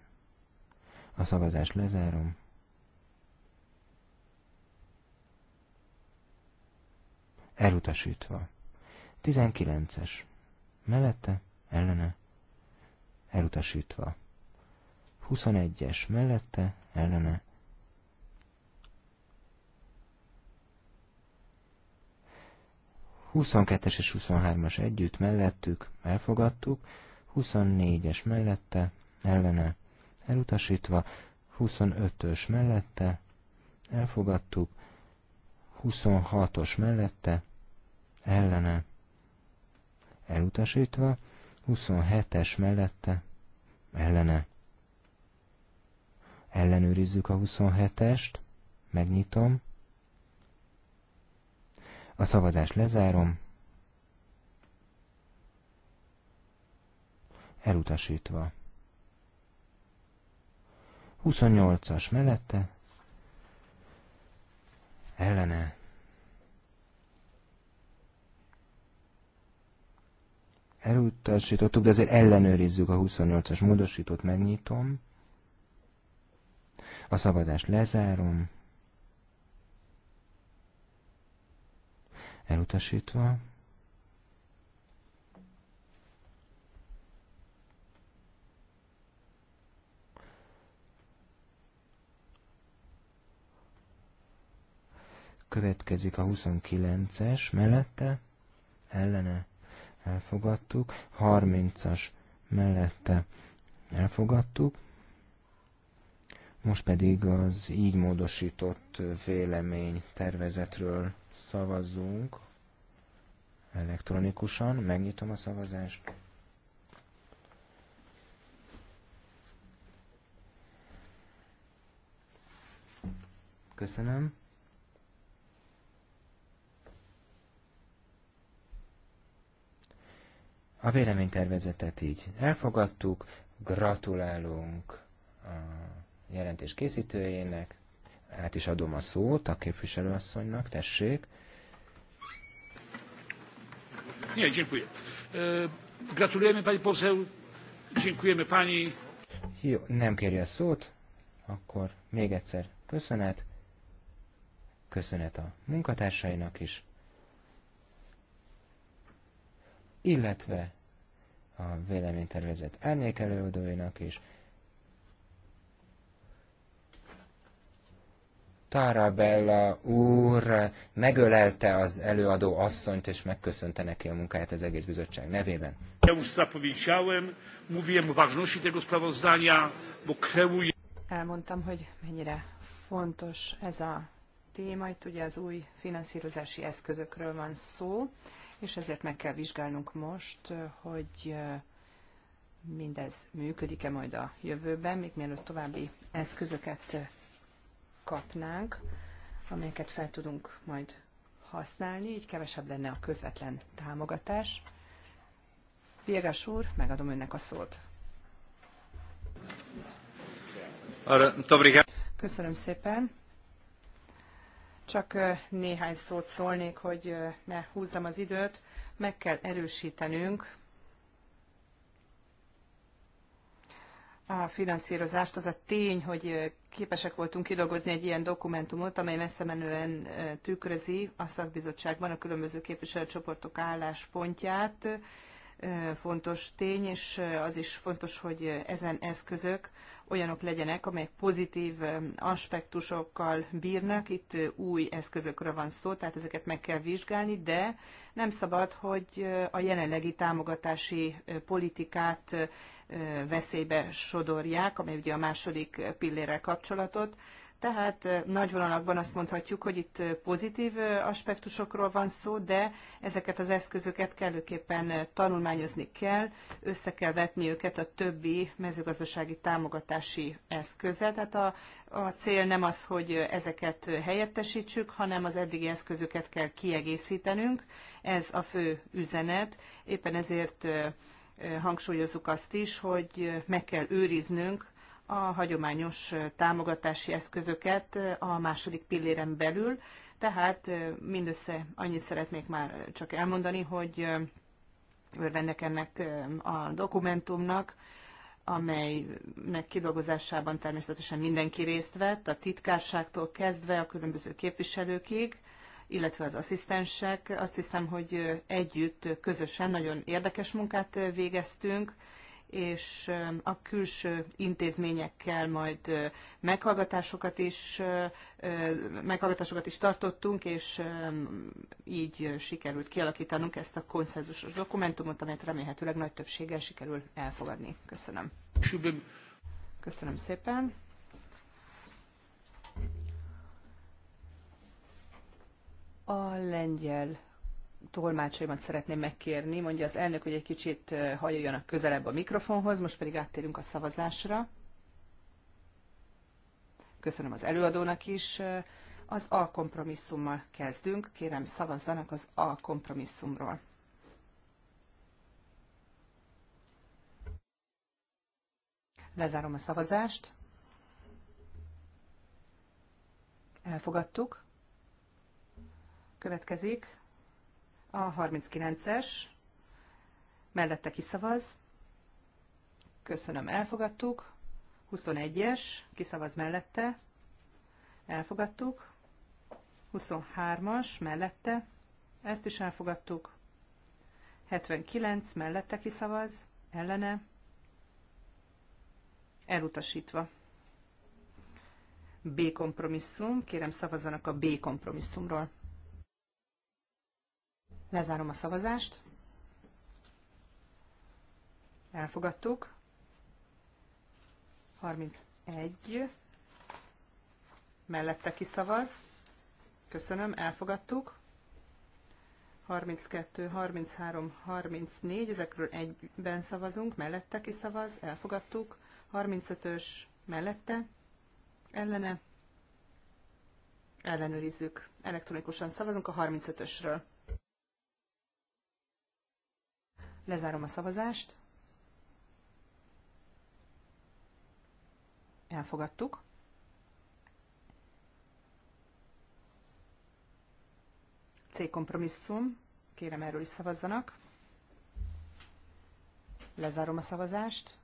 A szavazást lezárom. Elutasítva. 19-es. Mellette, ellene elutasítva. 21-es mellette, ellene. Huszonkettes és 23-as együtt mellettük, elfogadtuk, 24-es mellette, ellene, elutasítva, 25-ös mellette, elfogadtuk, 26-os mellette, ellene, elutasítva, 27-es mellette ellene. Ellenőrizzük a 27-est, megnyitom. A szavazást lezárom. Elutasítva. 28-as mellette ellene elutasítottuk, de azért ellenőrizzük a 28-as módosítót, megnyitom. A szabadást lezárom. Elutasítva. Következik a 29-es mellette, ellene elfogadtuk, 30-as mellette elfogadtuk, most pedig az így módosított vélemény tervezetről szavazzunk elektronikusan. Megnyitom a szavazást. Köszönöm. A véleménytervezetet így elfogadtuk, gratulálunk a jelentés készítőjének, át is adom a szót a képviselőasszonynak, tessék. Nie, dziękuję. E, gratulujemy pani poseł, dziękujemy pani. Jó, nem kéri a szót, akkor még egyszer köszönet. Köszönet a munkatársainak is. illetve a véleménytervezet árnyékelőadóinak is. Tarabella úr megölelte az előadó asszonyt, és megköszönte neki a munkáját az egész bizottság nevében. Elmondtam, hogy mennyire fontos ez a téma, itt ugye az új finanszírozási eszközökről van szó és ezért meg kell vizsgálnunk most, eh, hogy eh, mindez működik-e majd a jövőben, még mielőtt további eszközöket eh, kapnánk, amelyeket fel tudunk majd használni, így kevesebb lenne a közvetlen támogatás. Viegas úr, megadom önnek a szót. Köszönöm szépen. Csak néhány szót szólnék, hogy ne húzzam az időt. Meg kell erősítenünk a finanszírozást. Az a tény, hogy képesek voltunk kidolgozni egy ilyen dokumentumot, amely messze menően tükrözi a szakbizottságban a különböző képviselőcsoportok álláspontját. Fontos tény, és az is fontos, hogy ezen eszközök olyanok legyenek, amelyek pozitív aspektusokkal bírnak. Itt új eszközökre van szó, tehát ezeket meg kell vizsgálni, de nem szabad, hogy a jelenlegi támogatási politikát veszélybe sodorják, amely ugye a második pillérrel kapcsolatot tehát nagy vonalakban azt mondhatjuk, hogy itt pozitív aspektusokról van szó, de ezeket az eszközöket kellőképpen tanulmányozni kell, össze kell vetni őket a többi mezőgazdasági támogatási eszközzel. Tehát a, a cél nem az, hogy ezeket helyettesítsük, hanem az eddigi eszközöket kell kiegészítenünk. Ez a fő üzenet. Éppen ezért hangsúlyozzuk azt is, hogy meg kell őriznünk a hagyományos támogatási eszközöket a második pilléren belül, tehát mindössze annyit szeretnék már csak elmondani, hogy örvendek ennek a dokumentumnak, amelynek kidolgozásában természetesen mindenki részt vett, a titkárságtól kezdve a különböző képviselőkig, illetve az asszisztensek. Azt hiszem, hogy együtt, közösen nagyon érdekes munkát végeztünk, és um, a külső intézményekkel majd uh, meghallgatásokat is, uh, uh, meghallgatásokat is tartottunk, és um, így sikerült kialakítanunk ezt a konszenzusos dokumentumot, amelyet remélhetőleg nagy többséggel sikerül elfogadni. Köszönöm. Köszönöm szépen. A lengyel tolmácsaimat szeretném megkérni, mondja az elnök, hogy egy kicsit hajoljanak közelebb a mikrofonhoz, most pedig áttérünk a szavazásra. Köszönöm az előadónak is. Az A kompromisszummal kezdünk. Kérem, szavazzanak az A kompromisszumról. Lezárom a szavazást. Elfogadtuk. Következik a 39-es mellette kiszavaz. Köszönöm, elfogadtuk. 21-es kiszavaz mellette. Elfogadtuk. 23-as mellette. Ezt is elfogadtuk. 79 mellette kiszavaz. Ellene. Elutasítva. B kompromisszum. Kérem szavazzanak a B kompromisszumról. Lezárom a szavazást. Elfogadtuk. 31. Mellette kiszavaz. Köszönöm, elfogadtuk. 32, 33, 34, ezekről egyben szavazunk, mellette kiszavaz, elfogadtuk. 35-ös mellette, ellene, ellenőrizzük. Elektronikusan szavazunk a 35-ösről. Lezárom a szavazást. Elfogadtuk. C kompromisszum. Kérem erről is szavazzanak. Lezárom a szavazást.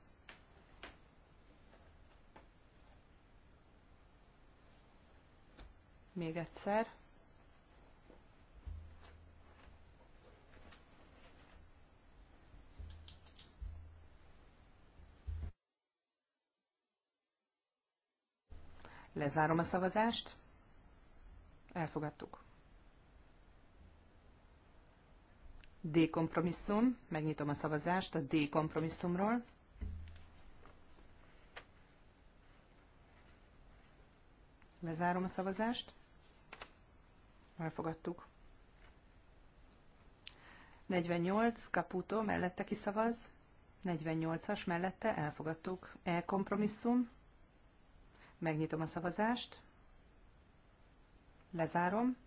Még egyszer. Lezárom a szavazást. Elfogadtuk. D kompromisszum. Megnyitom a szavazást a D kompromisszumról. Lezárom a szavazást. Elfogadtuk. 48, Caputo mellette kiszavaz. 48-as mellette elfogadtuk. E kompromisszum. Megnyitom a szavazást. Lezárom.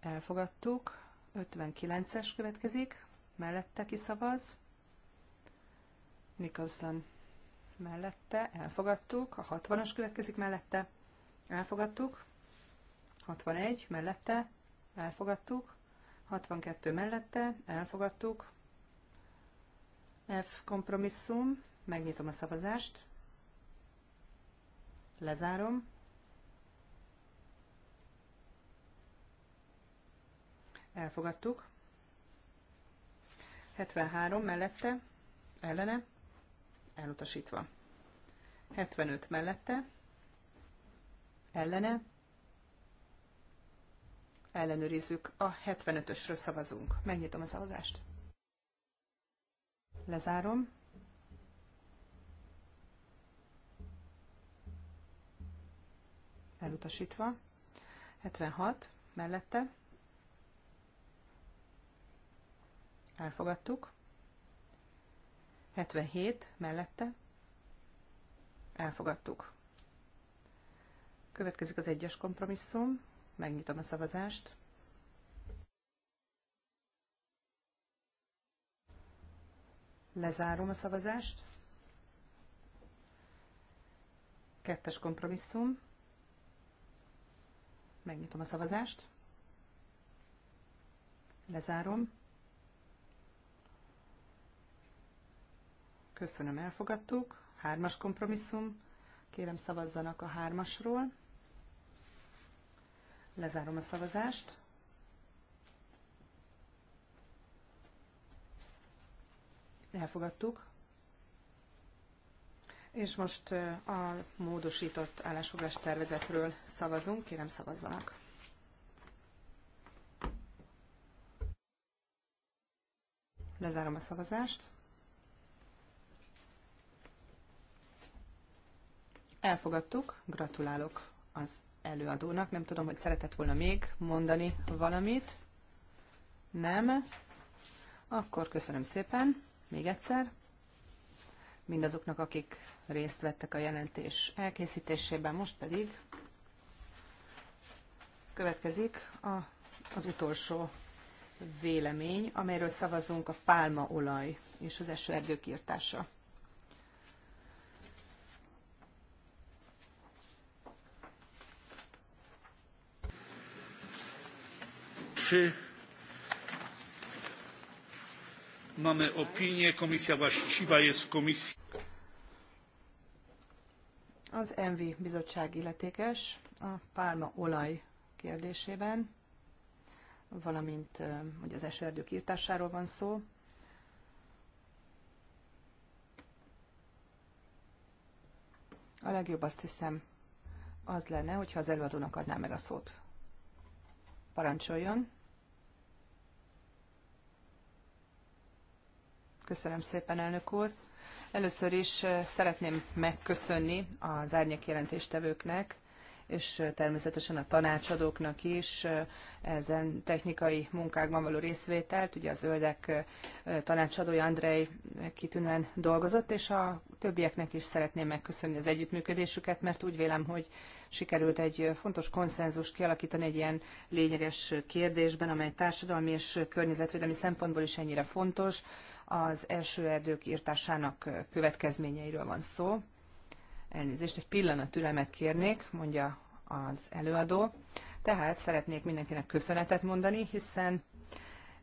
Elfogadtuk. 59-es következik. Mellette kiszavaz. Nicholson mellette. Elfogadtuk. A 60-as következik mellette. Elfogadtuk. 61 mellette. Elfogadtuk. 62 mellette, elfogadtuk. F kompromisszum, megnyitom a szavazást, lezárom. Elfogadtuk. 73 mellette, ellene, elutasítva. 75 mellette, ellene, ellenőrizzük. A 75-ösről szavazunk. Megnyitom a szavazást. Lezárom. Elutasítva. 76 mellette. Elfogadtuk. 77 mellette. Elfogadtuk. Következik az egyes kompromisszum Megnyitom a szavazást. Lezárom a szavazást. Kettes kompromisszum. Megnyitom a szavazást. Lezárom. Köszönöm, elfogadtuk. Hármas kompromisszum. Kérem szavazzanak a hármasról. Lezárom a szavazást. Elfogadtuk. És most a módosított állásfoglás tervezetről szavazunk. Kérem szavazzanak. Lezárom a szavazást. Elfogadtuk, gratulálok az előadónak. Nem tudom, hogy szeretett volna még mondani valamit. Nem? Akkor köszönöm szépen még egyszer mindazoknak, akik részt vettek a jelentés elkészítésében. Most pedig következik a, az utolsó vélemény, amelyről szavazunk a pálmaolaj és az esőerdők írtása. Gospodarczy. Mamy opinię. Komisja właściwa jest komisja. Az MV bizottság illetékes a pálma olaj kérdésében, valamint hogy az esőerdők írtásáról van szó. A legjobb azt hiszem az lenne, hogyha az előadónak adná meg a szót. Parancsoljon! Köszönöm szépen, elnök úr. Először is szeretném megköszönni az árnyék jelentéstevőknek, és természetesen a tanácsadóknak is ezen technikai munkákban való részvételt. Ugye a zöldek tanácsadója Andrei kitűnően dolgozott, és a többieknek is szeretném megköszönni az együttműködésüket, mert úgy vélem, hogy sikerült egy fontos konszenzust kialakítani egy ilyen lényeges kérdésben, amely társadalmi és környezetvédelmi szempontból is ennyire fontos, az első erdők írtásának következményeiről van szó. Elnézést, egy pillanat türelmet kérnék, mondja az előadó. Tehát szeretnék mindenkinek köszönetet mondani, hiszen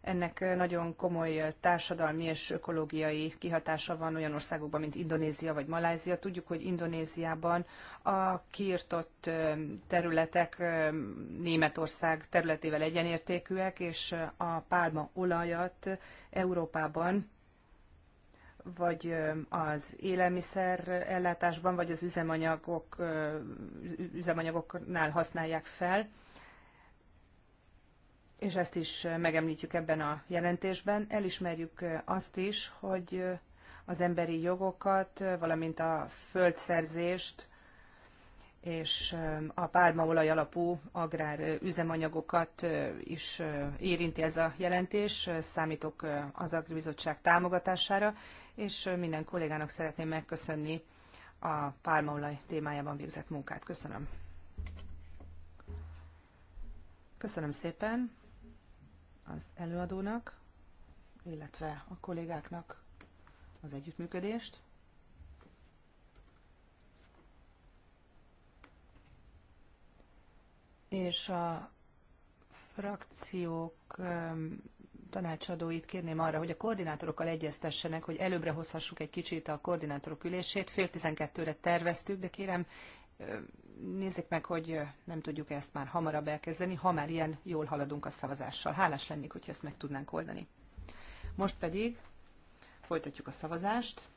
ennek nagyon komoly társadalmi és ökológiai kihatása van olyan országokban, mint Indonézia vagy Malázia. Tudjuk, hogy Indonéziában a kiirtott területek Németország területével egyenértékűek, és a olajat Európában vagy az élelmiszer ellátásban, vagy az üzemanyagok, üzemanyagoknál használják fel és ezt is megemlítjük ebben a jelentésben, elismerjük azt is, hogy az emberi jogokat, valamint a földszerzést és a pálmaolaj alapú agrárüzemanyagokat is érinti ez a jelentés. Számítok az Agribizottság támogatására, és minden kollégának szeretném megköszönni a pálmaolaj témájában végzett munkát. Köszönöm. Köszönöm szépen az előadónak, illetve a kollégáknak az együttműködést. És a frakciók tanácsadóit kérném arra, hogy a koordinátorokkal egyeztessenek, hogy előbbre hozhassuk egy kicsit a koordinátorok ülését. Fél tizenkettőre terveztük, de kérem nézzük meg, hogy nem tudjuk ezt már hamarabb elkezdeni, ha már ilyen jól haladunk a szavazással. Hálás lennék, hogy ezt meg tudnánk oldani. Most pedig folytatjuk a szavazást.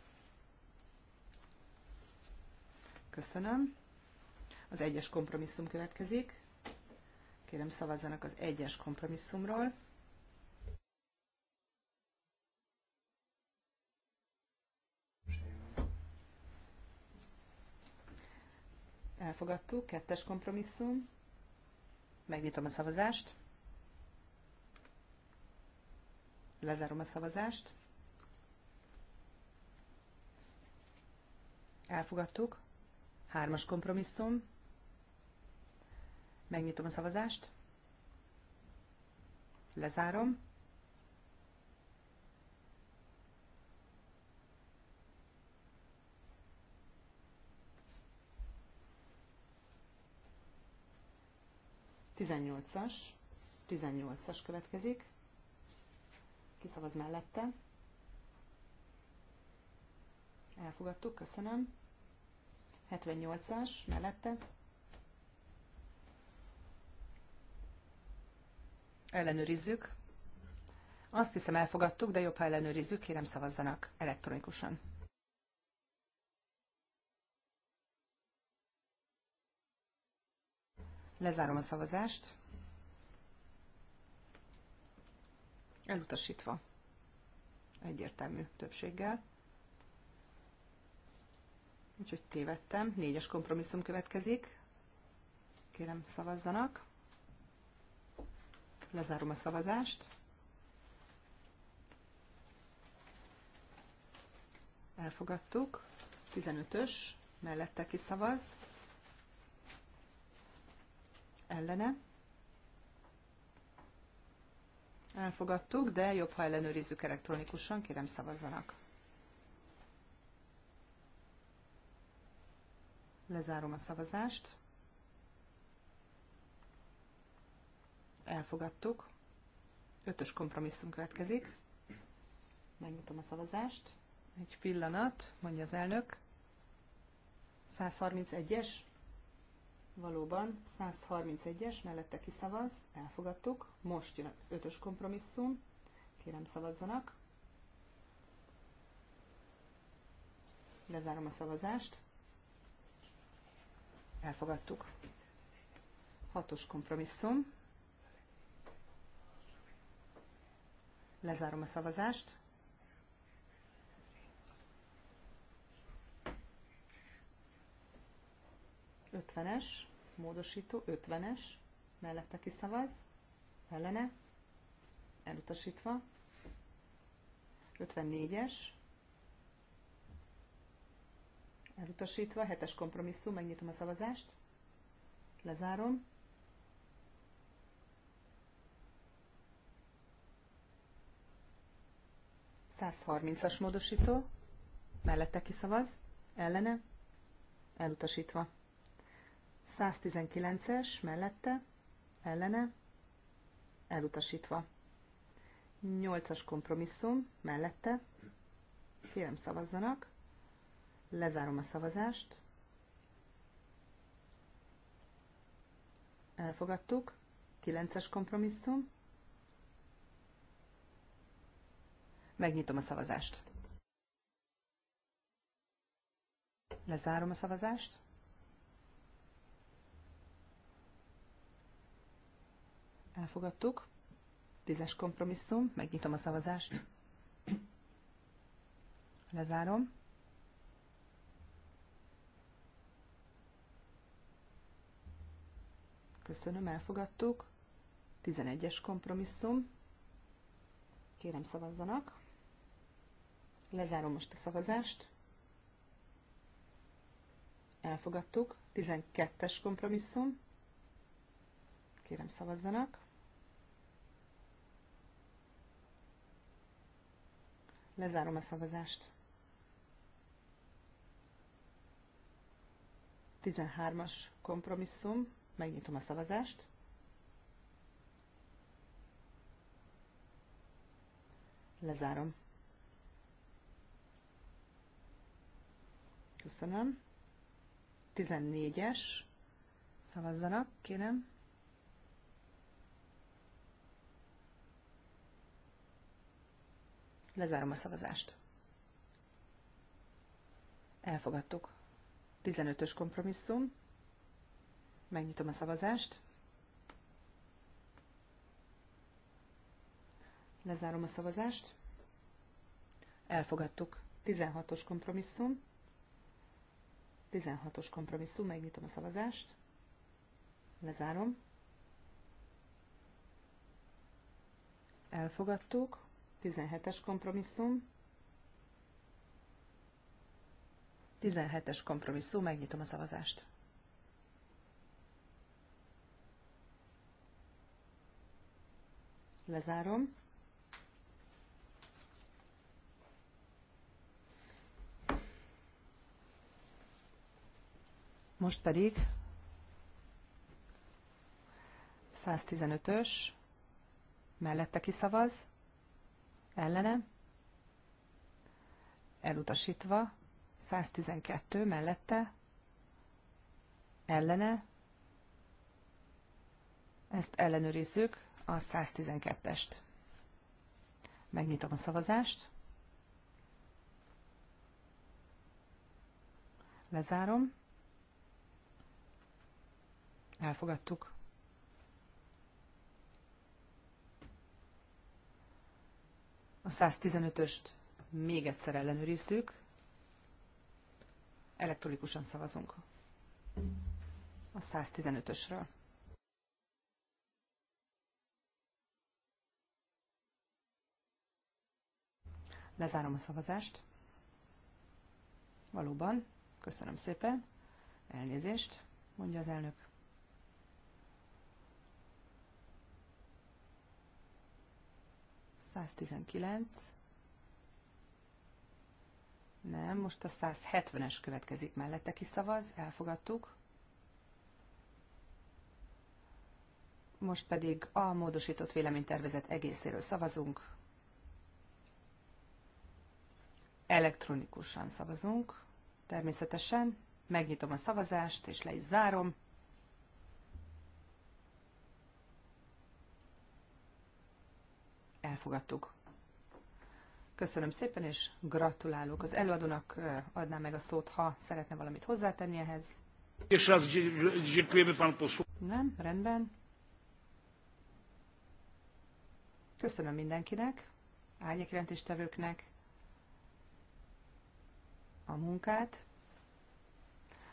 Köszönöm. Az egyes kompromisszum következik. Kérem szavazzanak az egyes kompromisszumról. elfogadtuk, kettes kompromisszum, megnyitom a szavazást, lezárom a szavazást, elfogadtuk, hármas kompromisszum, megnyitom a szavazást, lezárom, 18-as, 18-as következik. Kiszavaz mellette. Elfogadtuk, köszönöm. 78-as mellette. Ellenőrizzük. Azt hiszem elfogadtuk, de jobb, ha ellenőrizzük, kérem szavazzanak elektronikusan. Lezárom a szavazást. Elutasítva. Egyértelmű többséggel. Úgyhogy tévedtem. Négyes kompromisszum következik. Kérem, szavazzanak. Lezárom a szavazást. Elfogadtuk. 15-ös. Mellette kiszavaz ellene. Elfogadtuk, de jobb, ha ellenőrizzük elektronikusan, kérem szavazzanak. Lezárom a szavazást. Elfogadtuk. Ötös kompromisszum következik. Megnyitom a szavazást. Egy pillanat, mondja az elnök. 131-es valóban 131-es mellette kiszavaz, elfogadtuk. Most jön az ötös kompromisszum, kérem szavazzanak. Lezárom a szavazást. Elfogadtuk. Hatos kompromisszum. Lezárom a szavazást. 50-es, módosító, 50-es, mellette kiszavaz, ellene, elutasítva, 54-es, elutasítva, 7-es kompromisszum, megnyitom a szavazást, lezárom, as módosító, mellette kiszavaz, ellene, elutasítva. 119-es mellette, ellene, elutasítva. 8-as kompromisszum mellette, kérem szavazzanak, lezárom a szavazást, elfogadtuk, 9-es kompromisszum, megnyitom a szavazást. Lezárom a szavazást. Elfogadtuk. Tízes kompromisszum. Megnyitom a szavazást. Lezárom. Köszönöm, elfogadtuk. 11-es kompromisszum. Kérem szavazzanak. Lezárom most a szavazást. Elfogadtuk. 12-es kompromisszum. Kérem szavazzanak. Lezárom a szavazást. 13-as kompromisszum. Megnyitom a szavazást. Lezárom. Köszönöm. 14-es. Szavazzanak, kérem. Lezárom a szavazást. Elfogadtuk. 15-ös kompromisszum. Megnyitom a szavazást. Lezárom a szavazást. Elfogadtuk. 16-os kompromisszum. 16-os kompromisszum. Megnyitom a szavazást. Lezárom. Elfogadtuk. 17-es kompromisszum. 17-es kompromisszum, megnyitom a szavazást. Lezárom. Most pedig 115-ös mellette kiszavaz, ellene, elutasítva, 112 mellette, ellene, ezt ellenőrizzük, a 112-est. Megnyitom a szavazást. Lezárom. Elfogadtuk. A 115-öst még egyszer ellenőrizzük. Elektronikusan szavazunk. A 115-ösről. Lezárom a szavazást. Valóban. Köszönöm szépen. Elnézést, mondja az elnök. 119. Nem, most a 170-es következik mellette, kiszavaz, elfogadtuk. Most pedig a módosított véleménytervezet egészéről szavazunk. Elektronikusan szavazunk, természetesen. Megnyitom a szavazást, és le is zárom. elfogadtuk. Köszönöm szépen, és gratulálok. Az előadónak adnám meg a szót, ha szeretne valamit hozzátenni ehhez. És az dziękujemy pan Nem, rendben. Köszönöm mindenkinek, árnyékjelentéstevőknek a munkát.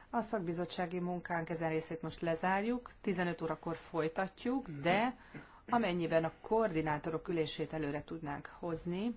A szakbizottsági munkánk ezen részét most lezárjuk, 15 órakor folytatjuk, de Amennyiben a koordinátorok ülését előre tudnánk hozni,